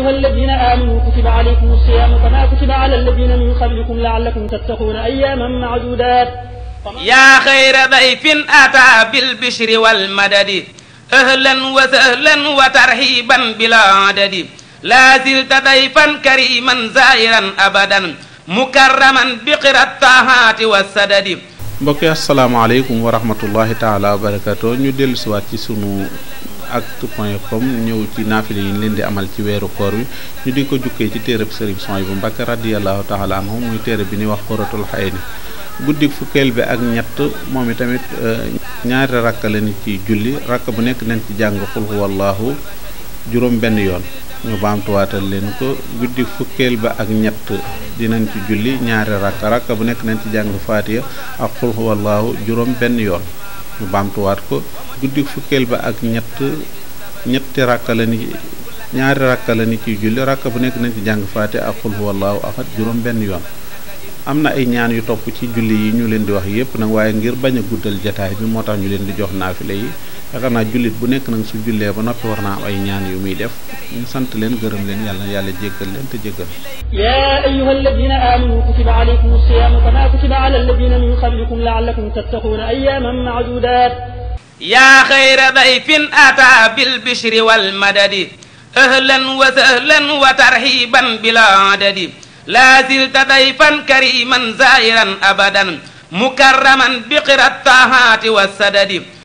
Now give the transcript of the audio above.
أيها الذين آمنوا كتب عليكم الصيام كما كتب على الذين من قبلكم لعلكم تتقون أياما معدودات يا خير ضيف أتى بالبشر والمدد أهلا وسهلا وترحيبا بلا عدد لا زلت ضيفا كريما زائرا أبدا مكرما بقرى الطاعات والسدد mbokk yi asalaamaaleykum wa rahmatullahi taala wa barakatu ñu dellusiwaat ci sunu ak point com ñëw ci naafile yi leen di amal ci weeru koor wi ñu di ko jukkee ci téereb sëriñ son bu Mbàkke radiyallahu taala anhu muy téere bi ni wax xoratul xay ni guddi fukkeel bi ak ñett moom itamit euh, ñaari rakk la ni ci julli rakk bu nekk nañ ci jàng xul wallahu juróom benn yoon ñu baamtuwaatal leen ko guddi fukkeel ba ak ñett dinañ ci julli ñaari rakk bu nekk nañ ci jàng faatiya ak xul wallahu juróom benn yoon ñu baamtuwaat ko guddi fukkeel ba ak ñett ñetti rakka la ni ñaari rakka la ni ciy julli rakka bu nekk nañ ci jàng faate ak xul huwallaahu ahad juróom benn yoon am na ay ñaan yu topp ci julli yi ñu leen di wax yépp nag waaye ngir bañ a guddal jataay bi moo tax ñu leen di jox naafile yi yaakaar naa jullit bu nekk nag su jullee ba noppi war naa am ay ñaan yu muy def ñu sant leen gërëm leen yàlla yàlla jéggal leen te jéggal qablikum laallakum tattaquuna ayyaaman maadudaat yaa xayra dayfin ataa bilbishri walmadadi ahlan wa sahlan wa tarxiban bila adadi laa silta dayfan kariman zaa'iran abadan mukarraman biqira taahaati wa sadadi